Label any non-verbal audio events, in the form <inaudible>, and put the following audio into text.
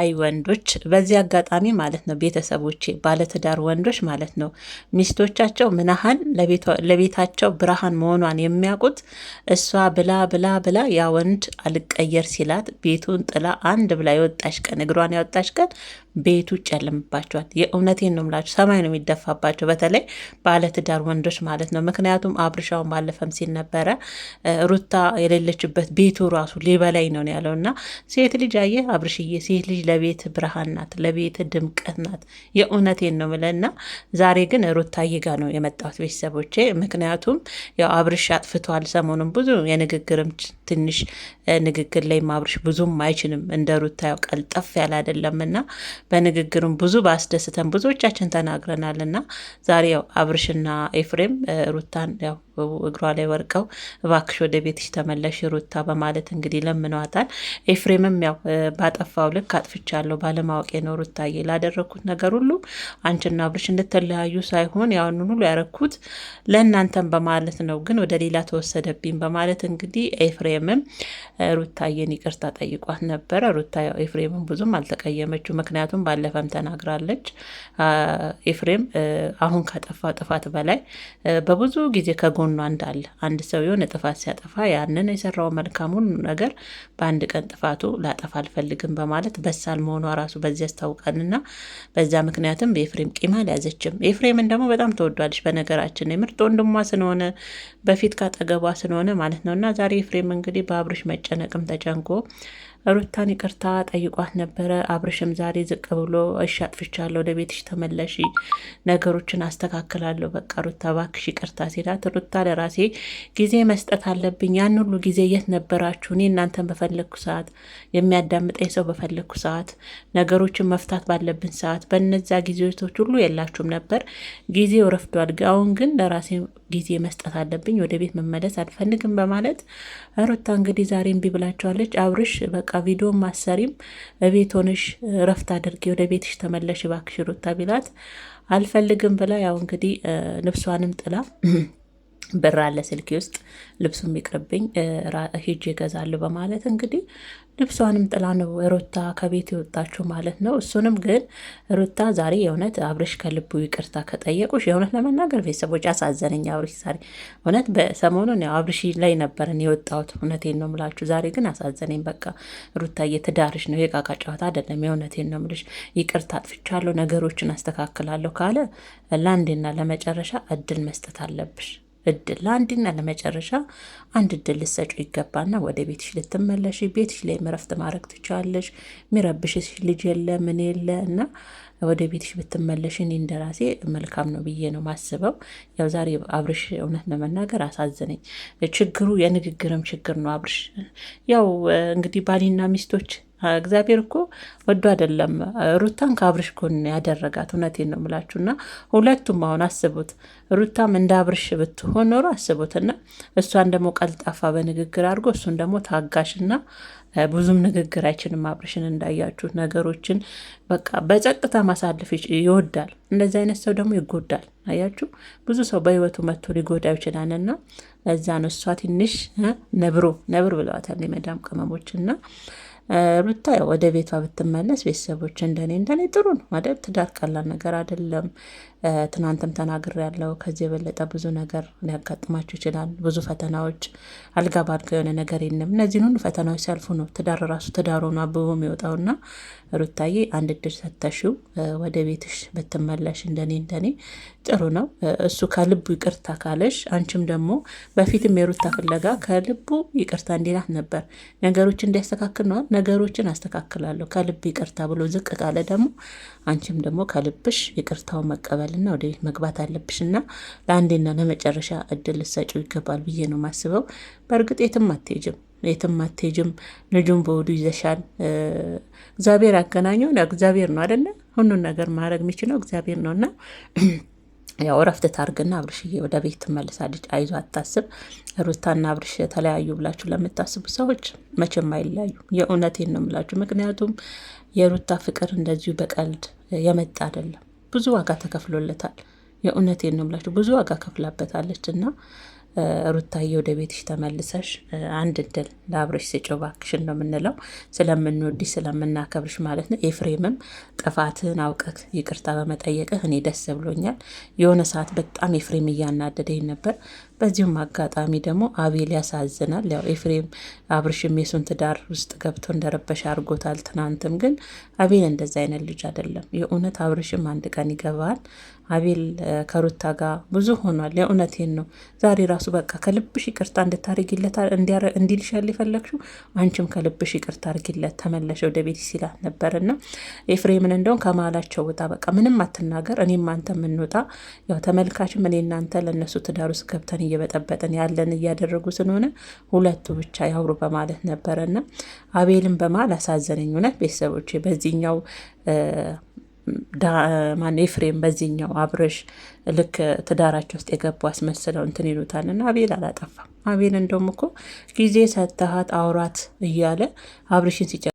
አይ ወንዶች በዚህ አጋጣሚ ማለት ነው ቤተሰቦቼ፣ ባለትዳር ወንዶች ማለት ነው ሚስቶቻቸው ምን ለቤታቸው ብርሃን መሆኗን የሚያውቁት እሷ ብላ ብላ ብላ ያ ወንድ አልቀየር ሲላት ቤቱን ጥላ አንድ ብላ የወጣሽ ቀን እግሯን ያወጣሽ ቀን ቤቱ ጨልምባቸዋል። የእውነቴን ነው የምላቸው፣ ሰማይ ነው የሚደፋባቸው፣ በተለይ ባለትዳር ወንዶች ማለት ነው። ምክንያቱም አብርሻውን ባለፈም ሲል ነበረ ሩታ የሌለችበት ቤቱ ራሱ ሊበላኝ ነው ያለው እና ሴት ልጅ አየህ አብርሽዬ ሴት ልጅ ለቤት ብርሃን ናት፣ ለቤት ድምቀት ናት። የእውነቴን ነው ምለና ዛሬ ግን ሩታዬ ጋ ነው የመጣሁት ቤተሰቦቼ። ምክንያቱም ያው አብርሽ አጥፍቷል። ሰሞኑን ብዙ የንግግርም ትንሽ ንግግር ላይ አብርሽ ብዙም አይችልም እንደ ሩታ ያው ቀልጠፍ ያለ አይደለም እና በንግግሩም ብዙ በአስደስተን ብዙዎቻችን ተናግረናል እና ዛሬ ያው አብርሽና ኤፍሬም ሩታን ያው እግሯ ላይ ወርቀው እባክሽ ወደ ቤትሽ ተመለሽ ሩታ በማለት እንግዲህ ለምነዋታል። ኤፍሬምም ያው ባጠፋው ልክ አጥፍቻለሁ ባለማወቅ ነው ሩታዬ፣ ላደረግኩት ነገር ሁሉ አንቺና ብርሽ እንድትለያዩ ሳይሆን ያንን ሁሉ ያረግኩት ለእናንተም በማለት ነው፣ ግን ወደ ሌላ ተወሰደብኝ በማለት እንግዲህ ኤፍሬምም ሩታዬን ይቅርታ ጠይቋት ነበረ። ሩታ ያው ኤፍሬምም ብዙም አልተቀየመችው፣ ምክንያቱም ባለፈም ተናግራለች። ኤፍሬም አሁን ካጠፋው ጥፋት በላይ በብዙ ጊዜ ከጎ ጎኗ እንዳለ አንድ ሰው የሆነ ጥፋት ሲያጠፋ ያንን የሰራው መልካሙን ነገር በአንድ ቀን ጥፋቱ ላጠፋ አልፈልግም በማለት በሳል መሆኗ ራሱ በዚህ ያስታውቃልና በዛ ምክንያትም በኤፍሬም ቂም አልያዘችም። ኤፍሬምን ደግሞ በጣም ተወዷለች። በነገራችን የምርጥ ወንድሟ ስለሆነ በፊት ካጠገቧ ስለሆነ ማለት ነው እና ዛሬ ኤፍሬም እንግዲህ በአብርሽ መጨነቅም ተጨንቆ ሩታን ይቅርታ ጠይቋት ነበረ። አብርሽም ዛሬ ዝቅ ብሎ እሺ አጥፍቻለሁ፣ ወደ ቤትሽ ተመለሺ፣ ነገሮችን አስተካክላለሁ፣ በቃ ሩታ እባክሽ ይቅርታ ሲላት፣ ሩታ ለራሴ ጊዜ መስጠት አለብኝ። ያን ሁሉ ጊዜ የት ነበራችሁ? እኔ እናንተን በፈለግኩ ሰዓት፣ የሚያዳምጠኝ ሰው በፈለግኩ ሰዓት፣ ነገሮችን መፍታት ባለብን ሰዓት፣ በነዛ ጊዜቶች ሁሉ የላችሁም ነበር። ጊዜው ረፍዷል። አሁን ግን ለራሴ ጊዜ መስጠት አለብኝ። ወደ ቤት መመለስ አልፈልግም በማለት ሩታ እንግዲህ ዛሬ እምቢ ብላቸዋለች። አብርሽ በቃ ቪዲዮ ማሰሪም እቤት ሆነሽ እረፍት አድርጊ፣ ወደ ቤትሽ ተመለሽ እባክሽ ሩታ ቢላት አልፈልግም ብላ ያው እንግዲህ ልብሷንም ጥላ ብር አለ ስልኬ ውስጥ ልብሱ የሚቅርብኝ ሂጅ ይገዛሉ በማለት እንግዲህ ልብሷንም ጥላ ነው ሩታ ከቤት የወጣችው ማለት ነው። እሱንም ግን ሩታ ዛሬ የእውነት አብርሽ ከልቡ ይቅርታ ከጠየቁሽ የእውነት ለመናገር ቤተሰቦች አሳዘነኝ። አብርሽ ዛሬ እውነት በሰሞኑን ያው አብርሽ ላይ ነበርን የወጣሁት እውነቴን ነው ምላችሁ። ዛሬ ግን አሳዘነኝ። በቃ ሩታ እየትዳርሽ ነው የቃቃ ጨዋታ አይደለም። የእውነቴን ነው ምልሽ ይቅርታ አጥፍቻለሁ፣ ነገሮችን አስተካክላለሁ ካለ ለአንዴና ለመጨረሻ እድል መስጠት አለብሽ። እድል ለአንድና ለመጨረሻ አንድ እድል ልሰጩ ይገባና ወደ ቤትሽ ልትመለሽ ቤትሽ ላይ ምረፍት ማድረግ ትችላለሽ። ሚረብሽሽ ልጅ የለ ምን የለ እና ወደ ቤትሽ ብትመለሽ እኔ እንደራሴ መልካም ነው ብዬ ነው ማስበው። ያው ዛሬ አብርሽ እውነት ለመናገር አሳዘነኝ። ችግሩ የንግግርም ችግር ነው። አብርሽ ያው እንግዲህ ባሊና ሚስቶች እግዚአብሔር እኮ ወዶ አይደለም ሩታን ከአብርሽ ጎን ያደረጋት። እውነቴን ነው የምላችሁ። እና ሁለቱም አሁን አስቡት፣ ሩታም እንደ አብርሽ ብትሆን ኖሮ አስቡት። እና እሷን ደግሞ ቀልጣፋ በንግግር አድርጎ እሱን ደግሞ ታጋሽና ብዙም ንግግር አይችልም። አብርሽን እንዳያችሁ ነገሮችን በቃ በጸጥታ ማሳለፍ ይወዳል። እንደዚህ አይነት ሰው ደግሞ ይጎዳል። አያችሁ ብዙ ሰው በህይወቱ መጥቶ ሊጎዳው ይችላል። እና ለዛ ነው እሷ ትንሽ ነብሮ ነብር ብለዋታል የመዳም ቅመሞች እና ሩታ ወደ ቤቷ ብትመለስ ቤተሰቦች እንደኔ እንደኔ ጥሩ ነው ማለት ትዳር ቀላል ነገር አይደለም። ትናንትም ተናግር ያለው ከዚህ የበለጠ ብዙ ነገር ሊያጋጥማቸው ይችላል። ብዙ ፈተናዎች፣ አልጋ ባልጋ የሆነ ነገር የለም። እነዚህን ሁሉ ፈተናዎች ሲያልፉ ነው ትዳር ራሱ ትዳር ነው አብቦ የሚወጣውና ሩታዬ አንድ እድል ሰተሽው ወደ ቤትሽ ብትመለሽ እንደኔ እንደኔ ጥሩ ነው። እሱ ከልቡ ይቅርታ ካለሽ፣ አንቺም ደግሞ በፊትም የሩታ ፍለጋ ከልቡ ይቅርታ እንዲላት ነበር ነገሮች እንዲያስተካክል ነዋል ነገሮችን አስተካክላለሁ ከልብ ይቅርታ ብሎ ዝቅ ካለ ደግሞ አንቺም ደግሞ ከልብሽ ይቅርታው መቀበልና ወደ ቤት መግባት አለብሽና ለአንዴና ለመጨረሻ እድል ልትሰጪው ይገባል ብዬ ነው ማስበው። በእርግጥ የትም አትሄጂም የትም አትሄጂም። ልጁን በወዱ ይዘሻል። እግዚአብሔር ያገናኘው እግዚአብሔር ነው አደለ? ሁሉን ነገር ማድረግ የሚችለው እግዚአብሔር ነውና <clears throat> ያው እረፍት ታርግና አብርሽዬ ወደ ቤት ትመልሳለች። አይዞ አታስብ። ሩታና አብርሽ የተለያዩ ብላችሁ ለምታስቡ ሰዎች መቼም አይለያዩ። የእውነቴን ነው ምላችሁ። ምክንያቱም የሩታ ፍቅር እንደዚሁ በቀልድ የመጣ አይደለም። ብዙ ዋጋ ተከፍሎለታል። የእውነቴን ነው ምላችሁ። ብዙ ዋጋ ከፍላበታለች እና ሩታዬ ወደ ቤትሽ ተመልሰሽ አንድ እድል ለአብርሽ ስጪው እባክሽን ነው የምንለው። ስለምንወድሽ ስለምናከብርሽ ማለት ነው። ኤፍሬምም ጥፋትህን አውቀህ ይቅርታ በመጠየቅህ እኔ ደስ ብሎኛል። የሆነ ሰዓት በጣም ኤፍሬም እያናደደኝ ነበር። በዚሁም አጋጣሚ ደግሞ አቤል ያሳዝናል። ያው ኤፍሬም አብርሽም የሱን ትዳር ውስጥ ገብቶ እንደረበሻ አድርጎታል። ትናንትም ግን አቤል እንደዚ አይነት ልጅ አይደለም። የእውነት አብርሽም አንድ ቀን ይገባል። አቤል ከሩታ ጋር ብዙ ሆኗል። የእውነቴን ነው። ዛሬ ራሱ በቃ ከልብሽ ይቅርታ እንድታርጊለት እንዲልሻል የፈለግሽው አንቺም ከልብሽ ይቅርታ አርጊለት ተመለሸ ወደ ቤት ሲላት ነበር እና ኤፍሬምን እንደውም ከመሀላቸው ውጣ፣ በቃ ምንም አትናገር፣ እኔም አንተ የምንወጣ ያው ተመልካችም እኔ እናንተ ለእነሱ ትዳር ውስጥ ገብተን እየበጠበጥን ያለን እያደረጉ ስንሆነ ሁለቱ ብቻ ያውሩ በማለት ነበረ ነበረና አቤልን በማል አሳዘነኝ። እውነት ቤተሰቦች በዚህኛው ማን ኤፍሬም በዚህኛው አብረሽ ልክ ትዳራቸው ውስጥ የገቡ አስመስለው እንትን ይሉታል እና አቤል አላጠፋም። አቤል እንደውም እኮ ጊዜ ሰጥሃት አውራት እያለ አብርሽን ሲጨ